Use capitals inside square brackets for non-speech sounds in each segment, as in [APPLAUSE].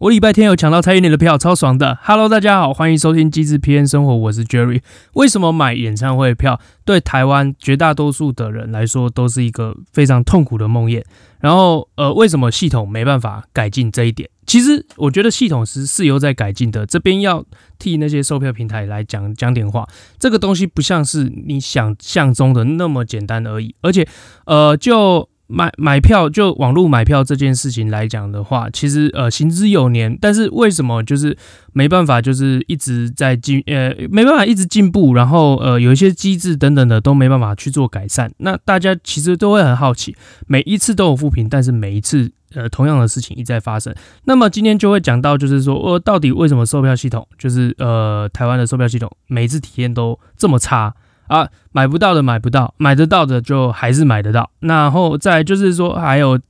我禮拜天有搶到蔡依林的票，超爽的！Hello，大家好，歡迎收聽《機智 P N 生活》，我是 Jerry。為什麼買演唱會票對台灣絕大多數的人來說都是一個非常痛苦的夢魘？然後，呃，為什麼系統沒辦法改進這一點？其實，我覺得系統是是有在改進的。這邊要替那些售票平台來講講點話，這個東西不像是你想象中的那麼簡單而已。而且，呃，就。買買票就網絡買票這件事情來講的話，其實呃行之有年，但是為什麼就是沒辦法，就是一直在進呃沒辦法一直進步，然後呃有一些機制、等等的都沒辦法去做改善。那大家其實都會很好奇，每一次都有負評，但是每一次呃同樣的事情一再發生。那麼今天就會講到，就是說呃到底為什麼售票系統就是呃台灣的售票系統每一次體驗都這麼差？啊，買不到的買不到，買得到的就還是買得到。然後再來，就是說，還有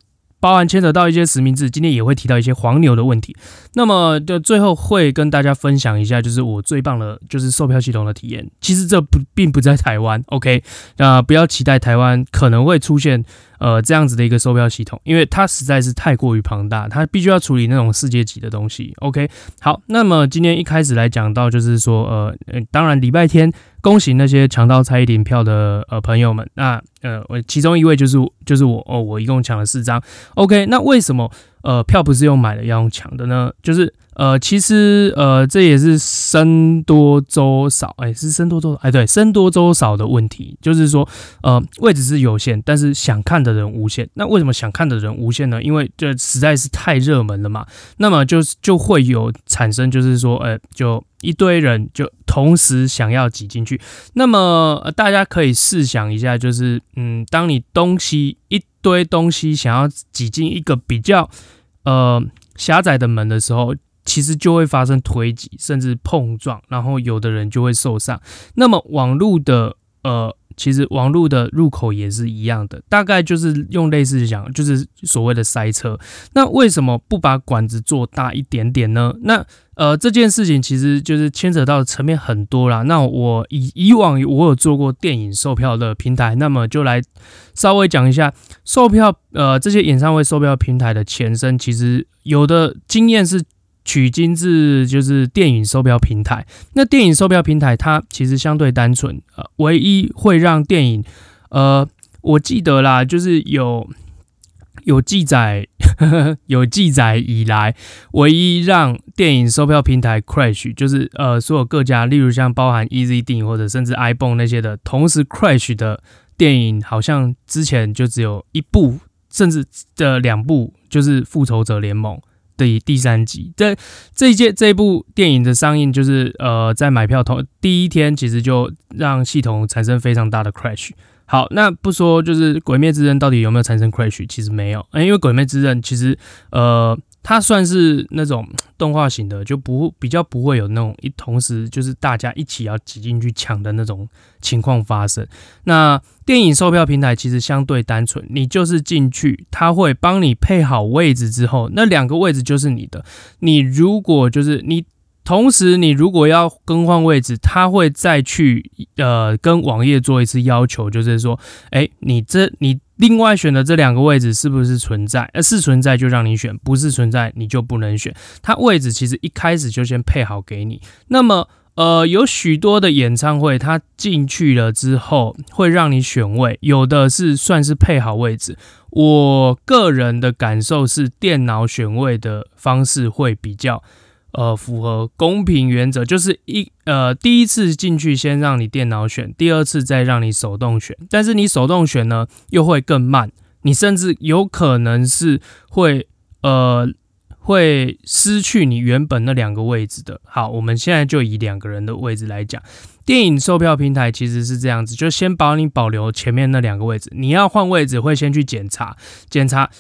包含牽扯到一些實名制，今天也會提到一些黃牛的問題。那麼就最後會跟大家分享一下，就是我最棒的，就是售票系統的體驗。其實這不並不在台灣，OK？那、呃、不要期待台灣可能會出現。呃，這樣子的一個售票系統，因為它實在是太過於龐大，它必須要處理那種世界級的東西。OK，好，那麼今天一開始來講到，就是說，呃，當然禮拜天，恭喜那些搶到蔡依林票的呃朋友們，那呃，我其中一位就是就是我哦，我一共搶了四張。OK，那為什麼？呃，票不是用買的，要用搶的呢。就是呃，其實呃，這也是僧多粥少，哎、欸，是僧多粥少，哎、欸，對，僧多粥少的問題，就是說，呃，位置是有限，但是想看的人無限。那為什麼想看的人無限呢？因為這實在是太熱門了嘛。那麼就是就會有產生，就是說，呃、欸，就。一堆人就同時想要擠進去，那麼大家可以試想一下，就是嗯，當你東西一堆東西想要擠進一個比較呃狹窄的門的時候，其實就會發生推擠，甚至碰撞，然後有的人就會受傷。那麼網路的呃。其實網路的入口也是一樣的，大概就是用類似講，就是所謂的塞車。那為什麼不把管子做大一點點呢？那呃，這件事情其實就是牽扯到的層面很多啦。那我以以往我有做過電影售票的平台，那麼就來稍微講一下售票，呃，這些演唱會售票平台的前身，其實有的經驗是。取經字就是電影售票平台。那電影售票平台它其實相對單純，呃，唯一會讓電影，呃，我記得啦，就是有有記載呵呵有記載以來，唯一讓電影售票平台 crash，就是呃，所有各家，例如像包含 ezding 或者甚至 ibon 那些的，同時 crash 的電影，好像之前就只有一部，甚至這兩、呃、部，就是《復仇者聯盟》。這第三集，這這一屆這一部電影的上映，就是呃，在買票同第一天，其實就讓系統產生非常大的 crash。好，那不說就是《鬼滅之刃》到底有沒有產生 crash，其實沒有，因為《鬼滅之刃》其實呃。它算是那種動畫型的，就不，比較不會有那種一同時就是大家一起要擠進去搶的那種情況發生。那電影售票平台其實相對單純，你就是進去，它會幫你配好位置之後，那兩個位置就是你的。你如果就是你同時你如果要更換位置，它會再去呃跟網頁做一次要求，就是說，欸，你這你。另外選的這兩個位置是不是存在？是存在就讓你選，不是存在你就不能選。它位置其實一開始就先配好給你。那麼，呃，有許多的演唱會，它進去了之後會讓你選位，有的是算是配好位置。我個人的感受是，電腦選位的方式會比較。呃，符合公平原則就是一呃，第一次進去先讓你電腦選，第二次再讓你手動選。但是你手動選呢，又會更慢，你甚至有可能是會呃會失去你原本那兩個位置的。好，我們現在就以兩個人的位置來講，電影售票平台其實是這樣子，就先保你保留前面那兩個位置，你要換位置會先去檢查檢查。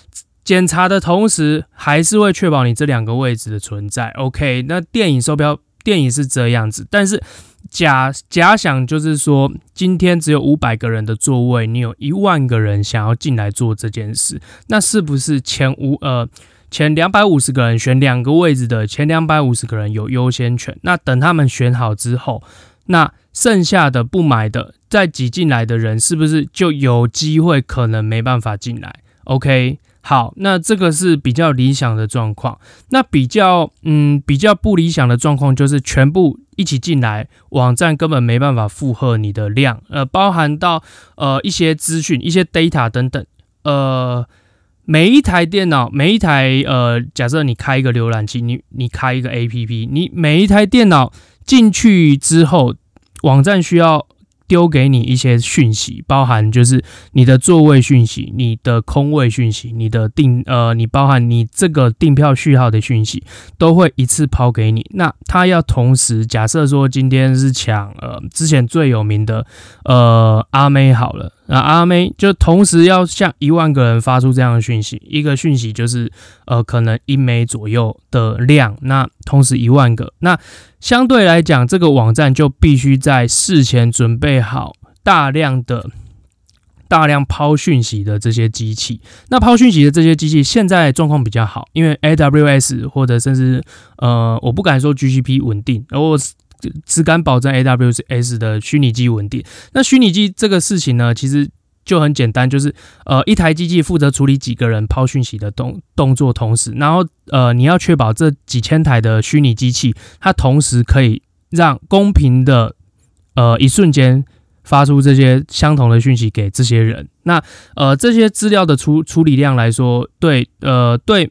檢查的同時，還是會確保你這兩個位置的存在。OK，那電影售票，電影是這樣子，但是假假想就是說，今天只有五百個人的座位，你有一萬個人想要進來做這件事，那是不是前五，呃，前兩百五十個人選兩個位置的，前兩百五十個人有優先權？那等他們選好之後，那剩下的，不買的，再擠進來的人，是不是就有機會可能沒辦法進來？OK，好，那這個是比較理想的狀況。那比較，嗯，比較不理想的狀況就是全部一起進來，網站根本沒辦法負荷你的量。呃，包含到呃一些資訊、一些 data 等等。呃，每一台電腦，每一台呃，假設你開一個瀏覽器，你你開一個 APP，你每一台電腦進去之後，網站需要。丟給你一些訊息，包含就是你的座位訊息、你的空位訊息、你的訂呃，你包含你這個訂票序號的訊息，都會一次拋給你。那他要同時假設說，今天是搶呃之前最有名的呃阿妹好了，那阿妹就同時要向一萬個人發出這樣的訊息，一個訊息就是呃可能一枚左右的量，那同時一萬個那。相對來講，這個網站就必須在事前準備好大量的、大量拋訊息的這些機器。那拋訊息的這些機器現在狀況比較好，因為 AWS 或者甚至呃，我不敢說 GCP 穩定，而我只只敢保證 AWS 的虛擬機穩定。那虛擬機這個事情呢，其實。就很簡單，就是呃一台機器負責處理幾個人拋訊息的動動作同時，然後呃你要確保這幾千臺的虛擬機器，它同時可以讓公平的呃一瞬間發出這些相同的訊息給這些人。那呃這些資料的處處理量來說，對呃對。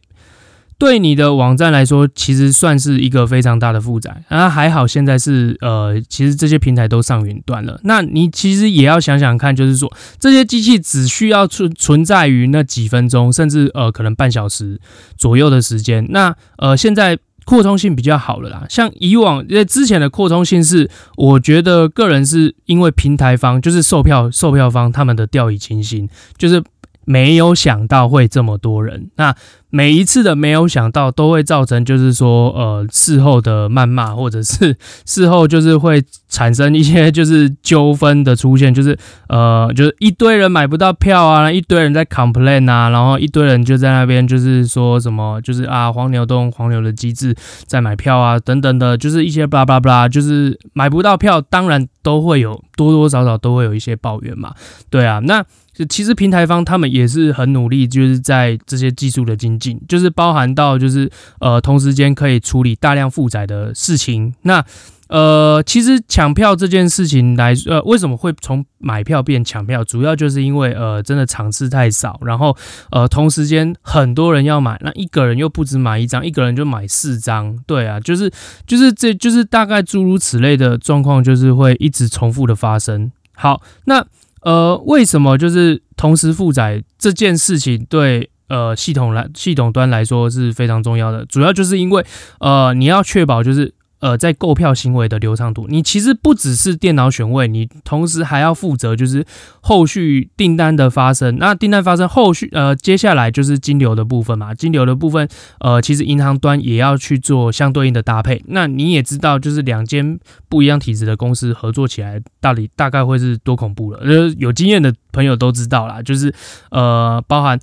對你的網站來說，其實算是一個非常大的負載啊，還好現在是呃，其實這些平台都上雲端了。那你其實也要想想看，就是說這些機器只需要存存在於那幾分鐘，甚至呃可能半小時左右的時間。那呃，現在擴充性比較好了啦，像以往因為之前的擴充性是，我覺得個人是因為平台方就是售票售票方他們的掉以輕心，就是沒有想到會這麼多人那。每一次的沒有想到，都會造成就是說，呃，事後的謾罵，或者是事後就是會產生一些就是糾紛的出現，就是呃，就是一堆人買不到票啊，一堆人在 complain 啊，然後一堆人就在那邊就是說什麼，就是啊，黃牛都用黃牛的機制在買票啊，等等的，就是一些 blah blah blah，就是買不到票，當然都會有多多少少都會有一些抱怨嘛，對啊，那。就其實平台方他們也是很努力，就是在這些技術的精進，就是包含到就是呃同時間可以處理大量負載的事情。那呃其實搶票這件事情來呃為什麼會從買票變搶票，主要就是因為呃真的場次太少，然後呃同時間很多人要買，那一個人又不止買一張，一個人就買四張，對啊，就是就是這就是大概諸如此類的狀況，就是會一直重複的發生。好，那。呃，為什麼就是同時負載這件事情對呃系統來系統端來說是非常重要的？主要就是因為呃你要確保就是。呃，在購票行為的流暢度，你其實不只是電腦選位，你同時還要負責就是後續訂單的發生。那訂單發生後續，呃，接下來就是金流的部分嘛。金流的部分，呃，其實銀行端也要去做相對應的搭配。那你也知道，就是兩間不一樣體質的公司合作起來，到底大概會是多恐怖了？有經驗的朋友都知道啦，就是呃，包含。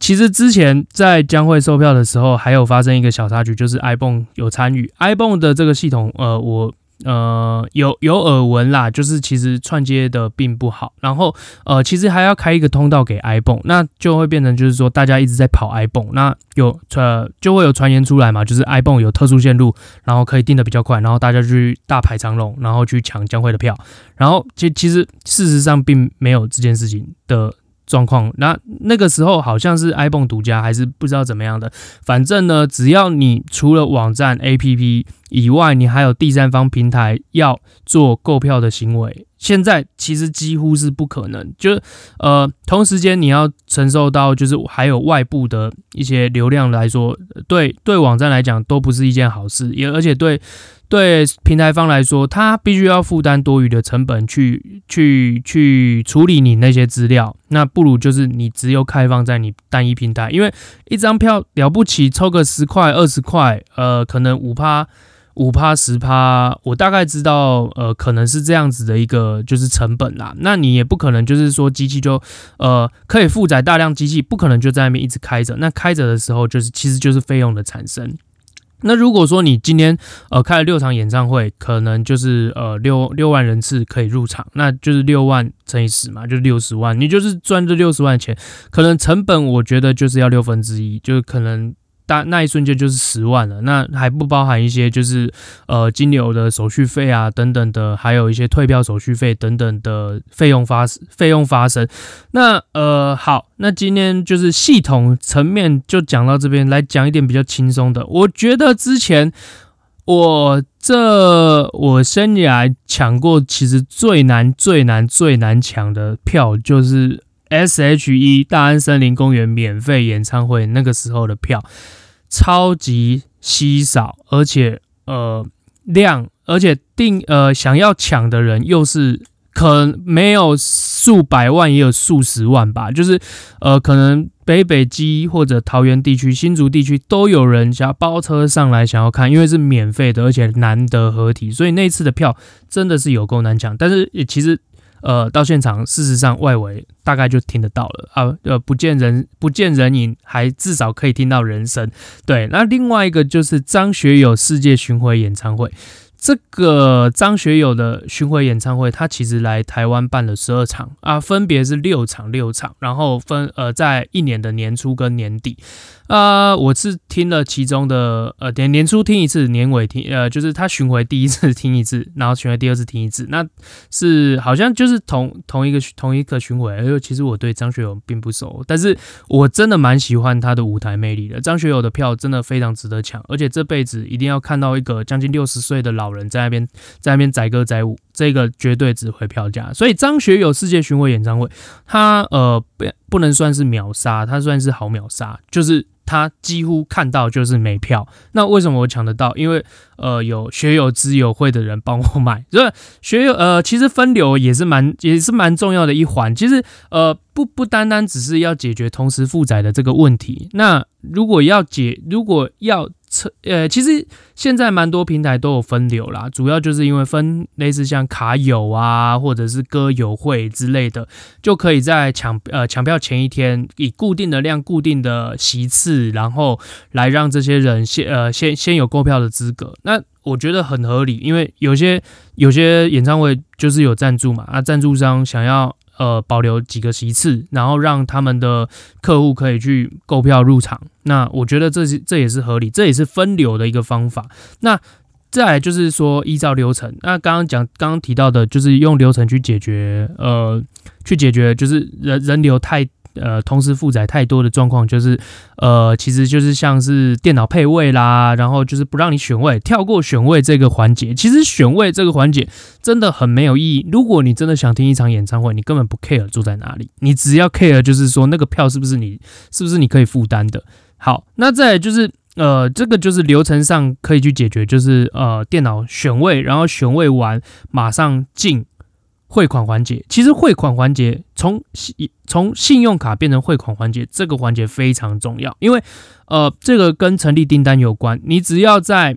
其實之前在將會售票的時候，還有發生一個小插曲，就是 ibon 有參與 ibon 的這個系統，呃，我呃有有耳聞啦，就是其實串接的並不好，然後呃，其實還要開一個通道給 ibon 那就會變成就是說大家一直在跑 ibon 那有呃就會有傳言出來嘛，就是 ibon 有特殊線路，然後可以訂得比較快，然後大家去大排長龍，然後去搶將會的票，然後其其實事實上並沒有這件事情的。狀況，那那個時候好像是 iPhone 獨家，還是不知道怎麼樣的。反正呢，只要你除了網站、APP 以外，你還有第三方平台要做購票的行為，現在其實幾乎是不可能。就是呃，同時間你要承受到，就是還有外部的一些流量來說，對對網站來講都不是一件好事，也而且對對平台方來說，他必須要負擔多餘的成本去去去處理你那些資料，那不如就是你只有開放在你單一平台，因為一張票了不起，抽個十塊二十塊，呃，可能五趴。五趴十趴，我大概知道，呃，可能是這樣子的一個就是成本啦。那你也不可能就是說機器就，呃，可以負載大量機器，不可能就在那邊一直開着。那開着的時候，就是其實就是費用的產生。那如果說你今天呃開了六場演唱會，可能就是呃六六萬人次可以入場，那就是六萬乘以十嘛，就是六十萬。你就是賺這六十萬錢，可能成本我覺得就是要六分之一，就是可能。但那一瞬間就是十萬了，那還不包含一些就是呃金流的手續費啊等等的，還有一些退票手續費等等的費用發費用發生。那呃好，那今天就是系統層面就講到這邊，來講一點比較輕鬆的。我覺得之前我這我生以來搶過其實最難最難最難搶的票就是 SHE 大安森林公園免費演唱會那個時候的票。超級稀少，而且呃量，而且定呃想要搶的人又是可沒有數百萬，也有數十萬吧。就是呃可能北北基或者桃園地區、新竹地區都有人想要包車上來想要看，因為是免費的，而且難得合體，所以那次的票真的是有夠難搶。但是也其實。呃，到現場，事實上外圍大概就聽得到了啊，呃，不見人，不見人影，還至少可以聽到人聲。對，那另外一個就是張學友世界巡迴演唱會，這個張學友的巡迴演唱會，他其實來台灣辦了十二場啊，分別是六場、六場，然後分呃，在一年的年初跟年底。啊、呃，我是聽了其中的，呃，年年初聽一次，年尾聽，呃，就是他巡迴第一次聽一次，然後巡迴第二次聽一次，那是好像就是同同一個同一個巡迴。因、呃、為其實我對張學友並不熟，但是我真的蠻喜歡他的舞台魅力的。張學友的票真的非常值得搶，而且這輩子一定要看到一個將近六十歲的老人在那邊在那邊載歌載舞。這個絕對值回票價，所以張學友世界巡迴演唱會，他呃不不能算是秒殺，他算是好秒殺，就是他幾乎看到就是沒票。那為什麼我搶得到？因為呃有學友之友會的人幫我買，所以學友呃其實分流也是蠻也是蠻重要的一環。其實呃不不單單只是要解決同時負載的這個問題。那如果要解，如果要車呃，其實現在蠻多平台都有分流啦，主要就是因為分類似像卡友啊，或者是歌友會之類的，就可以在搶呃搶票前一天，以固定的量、固定的席次，然後來讓這些人先呃先先有購票的資格。那我覺得很合理，因為有些有些演唱會就是有贊助嘛，啊，贊助商想要。呃，保留幾個席次，然後讓他們的客戶可以去購票入場。那我覺得這是這也是合理，這也是分流的一個方法。那再來就是說，依照流程，那剛剛講剛剛提到的，就是用流程去解決，呃，去解決就是人人流太。呃，同時負載太多的狀況，就是，呃，其實就是像是電腦配位啦，然後就是不讓你選位，跳過選位這個環節。其實選位這個環節真的很沒有意義。如果你真的想聽一場演唱會，你根本不 care 坐在哪裡，你只要 care 就是說那個票是不是你，是不是你可以負擔的。好，那再就是，呃，這個就是流程上可以去解決，就是呃，電腦選位，然後選位完馬上進。匯款環節，其實匯款環節從從信用卡變成匯款環節，這個環節非常重要，因為呃，這個跟成立訂單有關。你只要在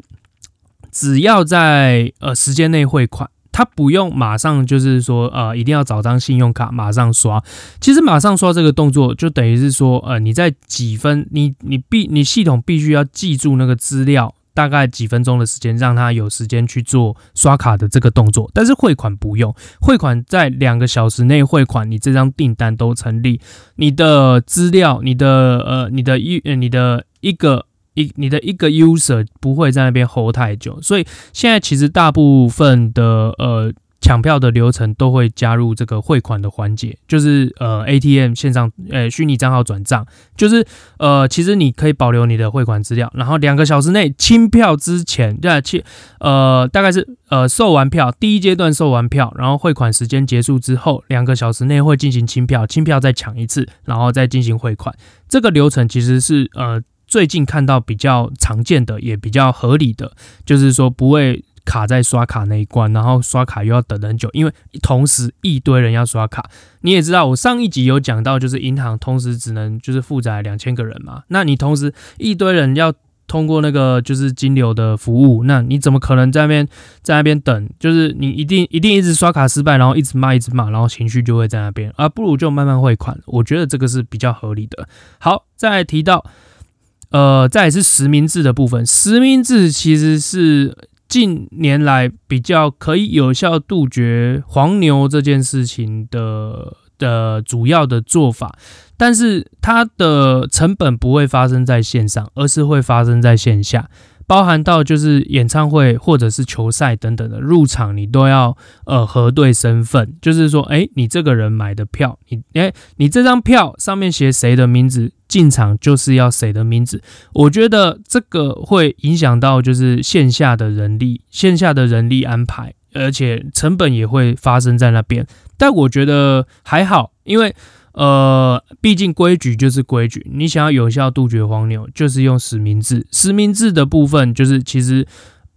只要在呃時間內匯款，它不用馬上就是說呃一定要找張信用卡馬上刷。其實馬上刷這個動作就等於是說呃你在幾分你你必你系統必須要記住那個資料。大概幾分鐘的時間，讓他有時間去做刷卡的這個動作，但是匯款不用，匯款在兩個小時內匯款，你這張訂單都成立，你的資料、你的呃、你的呃、你的一個一、你的一個 user 不會在那邊 hold 太久，所以現在其實大部分的呃。搶票的流程都會加入這個匯款的環節，就是呃 ATM 線上呃虛擬賬號轉賬，就是呃其實你可以保留你的匯款資料，然後兩個小時內清票之前再清呃大概是呃售完票第一階段售完票，然後匯款時間結束之後，兩個小時內會進行清票，清票再搶一次，然後再進行匯款。這個流程其實是呃最近看到比較常見的，也比較合理的，就是說不會。卡在刷卡那一關，然後刷卡又要等很久，因為同時一堆人要刷卡。你也知道，我上一集有講到，就是銀行同時只能就是負載兩千個人嘛。那你同時一堆人要通過那個就是金流的服務，那你怎麼可能在那邊在那邊等？就是你一定一定一直刷卡失敗，然後一直罵一直罵，然後情緒就會在那邊，而不如就慢慢匯款。我覺得這個是比較合理的。好，再來提到呃，再是實名制的部分，實名制其實是。近年來，比較可以有效杜絕黃牛這件事情的的主要的做法，但是它的成本不會發生在線上，而是會發生在線下。包含到就是演唱會或者是球賽等等的入場，你都要呃核對身份，就是說，誒，你這個人買的票，你誒，你這張票上面寫誰的名字，進場就是要誰的名字。我覺得這個會影響到就是線下的人力，線下的人力安排，而且成本也會發生在那邊。但我覺得還好，因為。呃，畢竟規矩就是規矩。你想要有效杜絕黃牛，就是用實名制。實名制的部分，就是其實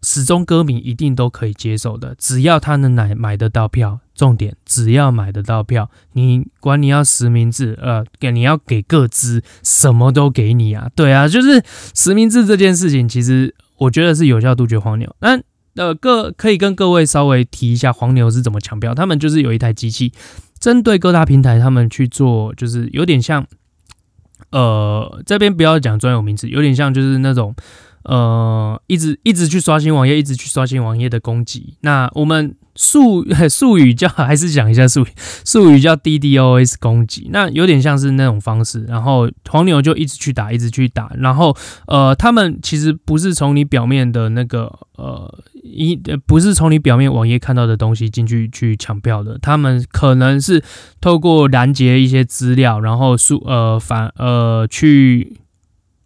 死忠歌迷一定都可以接受的，只要他能買買得到票。重點，只要買得到票，你管你要實名制，呃，給你要給個資，什麼都給你啊。對啊，就是實名制這件事情，其實我覺得是有效杜絕黃牛。那呃，各可以跟各位稍微提一下黃牛是怎麼搶票，他們就是有一台機器。針對各大平台，他們去做就是有點像，呃，這邊不要講專有名詞，有點像就是那種，呃，一直一直去刷新網頁，一直去刷新網頁的攻擊。那我們。術術語叫還是講一下術語術語叫 DDOS 攻擊，那有點像是那種方式，然後黃牛就一直去打，一直去打，然後呃，他們其實不是從你表面的那個呃一不是從你表面網頁看到的東西進去去搶票的，他們可能是透過攔截一些資料，然後數，呃反呃去。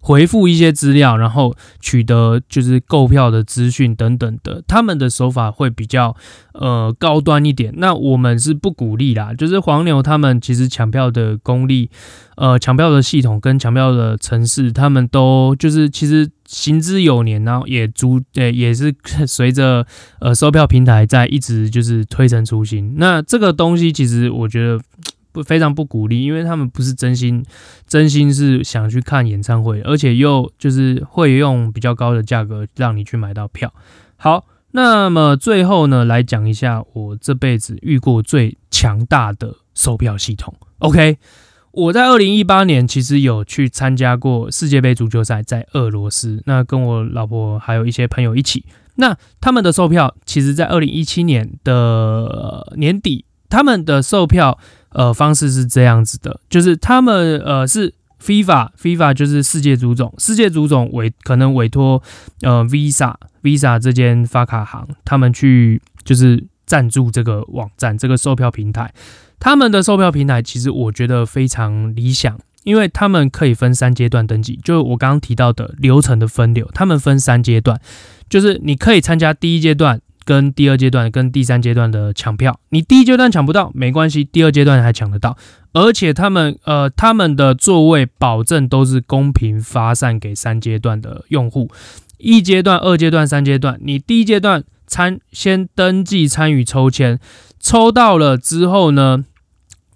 回復一些資料，然後取得就是購票的資訊等等的，他們的手法會比較呃高端一點。那我們是不鼓勵啦，就是黃牛他們其實搶票的功力，呃，搶票的系統跟搶票的程式，他們都就是其實行之有年，然後也逐呃也，也是隨着呃售票平台在一直就是推陳出新。那這個東西其實我覺得。不非常不鼓勵，因為他們不是真心，真心是想去看演唱會，而且又就是會用比較高的價格讓你去買到票。好，那麼最後呢，來講一下我這輩子遇過最強大的售票系統。OK，我在二零一八年其實有去參加過世界杯足球賽，在俄羅斯，那跟我老婆還有一些朋友一起，那他們的售票其實，在二零一七年的年底，他們的售票。呃，方式是這樣子的，就是他們呃是 FIFA，FIFA 就是世界足總，世界足總委可能委托呃 Visa，Visa 這間發卡行，他們去就是贊助這個網站，這個售票平台。他們的售票平台其實我覺得非常理想，因為他們可以分三階段登記，就是我剛剛提到的流程的分流，他們分三階段，就是你可以參加第一階段，跟第二階段、跟第三階段的搶票，你第一階段搶不到沒關係，第二階段還搶得到，而且他們呃他們的座位保證都是公平發散給三階段的用戶，一階段、二階段、三階段，你第一階段參先登記參與抽籤，抽到了之後呢，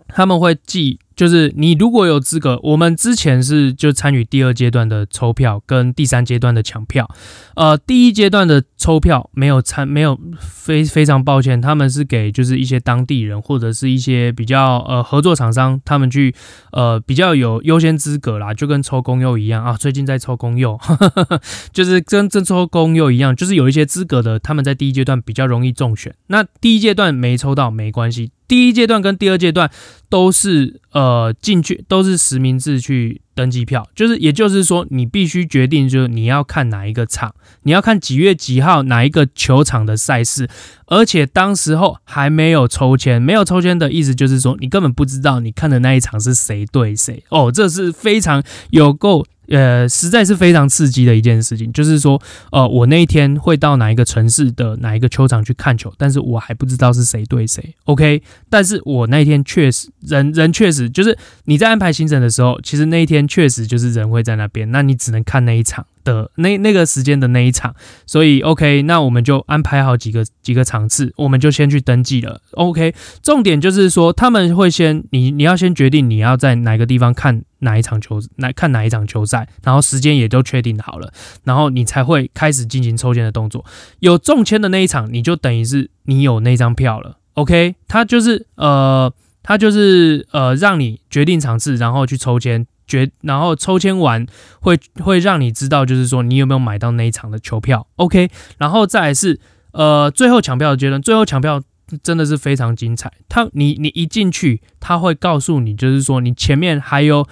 他們會記。就是你如果有資格，我們之前是就參與第二階段的抽票跟第三階段的搶票，呃，第一階段的抽票沒有參，沒有非非常抱歉，他們是給就是一些當地人或者是一些比較呃合作廠商，他們去呃比較有優先資格啦，就跟抽公幼一樣啊，最近在抽公幼 [LAUGHS] 就是跟這抽公幼一樣，就是有一些資格的他們在第一階段比較容易中選，那第一階段沒抽到沒關係。第一階段跟第二階段都是呃進去都是實名制去登記票，就是也就是說，你必須決定就是你要看哪一個場，你要看幾月幾號哪一個球場的賽事，而且當時候還沒有抽籤，沒有抽籤的意思就是說，你根本不知道你看的那一場是誰對誰哦，這是非常有夠。呃，實在是非常刺激的一件事情，就是說，呃，我那一天會到哪一個城市的哪一個球場去看球，但是我還不知道是誰對誰。OK，但是我那天確實，人人確實，就是你在安排行程的時候，其實那一天確實就是人會在那邊，那你只能看那一場。的那那個時間的那一場，所以 OK，那我們就安排好幾個幾個場次，我們就先去登記了。OK，重點就是說他們會先你你要先決定你要在哪個地方看哪一場球，哪看哪一場球賽，然後時間也都確定好了，然後你才會開始進行抽籤的動作。有中籤的那一場，你就等於是你有那張票了。OK，他就是呃他就是呃讓你決定場次，然後去抽籤。決，然後抽籤完會會讓你知道，就是說你有沒有買到那一場的球票。OK，然後再來是呃最後搶票的階段，最後搶票真的是非常精彩。他你你一進去，他會告訴你，就是說你前面還有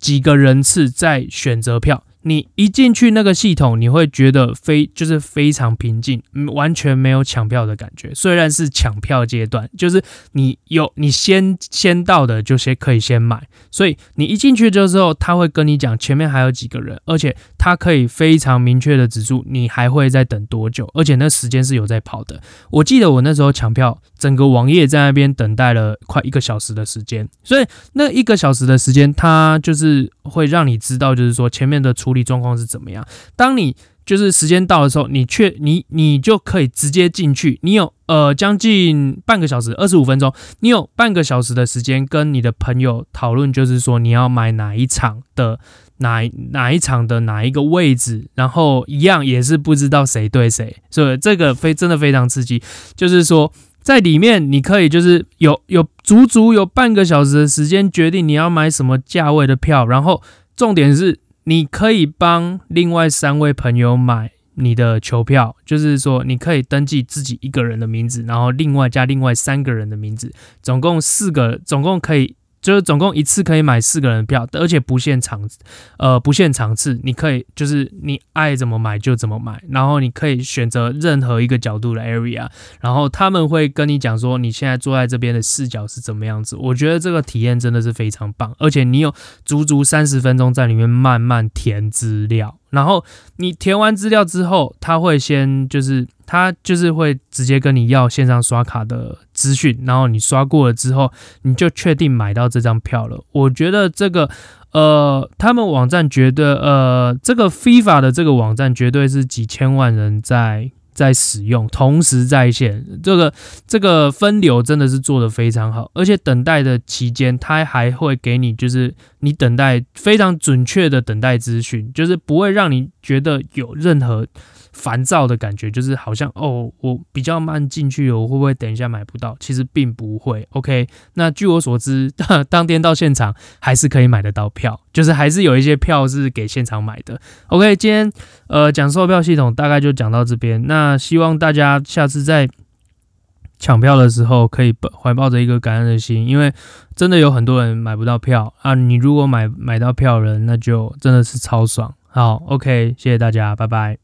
幾個人次在選擇票。你一進去那個系統，你會覺得非就是非常平靜，嗯，完全沒有搶票的感覺。雖然是搶票階段，就是你有你先先到的就先可以先買。所以你一進去之後，他會跟你講前面還有幾個人，而且他可以非常明確的指出你還會再等多久，而且那時間是有在跑的。我記得我那時候搶票。整個網頁在那邊等待了快一個小時的時間，所以那一個小時的時間，它就是會讓你知道，就是說前面的處理狀況是怎麼樣。當你就是時間到的時候，你卻你你就可以直接進去。你有呃將近半個小時，二十五分鐘，你有半個小時的時間跟你的朋友討論，就是說你要買哪一場的哪哪一場的哪一個位置，然後一樣也是不知道誰對誰，所以這個非真的非常刺激，就是說。在裡面，你可以就是有有足足有半個小時的時間決定你要買什麼價位的票，然後重點是你可以幫另外三位朋友買你的球票，就是說你可以登記自己一個人的名字，然後另外加另外三個人的名字，總共四個，總共可以。就是總共一次可以買四個人的票，而且不限場，呃，不限場次，你可以就是你愛怎麼買就怎麼買，然後你可以選擇任何一個角度的 area，然後他們會跟你講說你現在坐在這邊的視角是怎麼樣子，我覺得這個體驗真的是非常棒，而且你有足足三十分鐘在裡面慢慢填資料。然後你填完資料之後，他會先就是他就是會直接跟你要線上刷卡的資訊，然後你刷過了之後，你就確定買到這張票了。我覺得這個，呃，他們網站絕對，呃，這個非法的這個網站絕對是幾千萬人在。在使用，同時在線，這個這個分流真的是做得非常好，而且等待的期間，它還會給你，就是你等待非常準確的等待資訊，就是不會讓你覺得有任何。煩躁的感覺就是好像哦，我比較慢進去，我會不會等一下買不到？其實並不會。OK，那據我所知，當天到現場還是可以買得到票，就是還是有一些票是給現場買的。OK，今天呃講售票系統大概就講到這邊，那希望大家下次再搶票的時候可以懷抱着一個感恩的心，因為真的有很多人買不到票啊。你如果買買到票的人，那就真的是超爽。好，OK，謝謝大家，拜拜。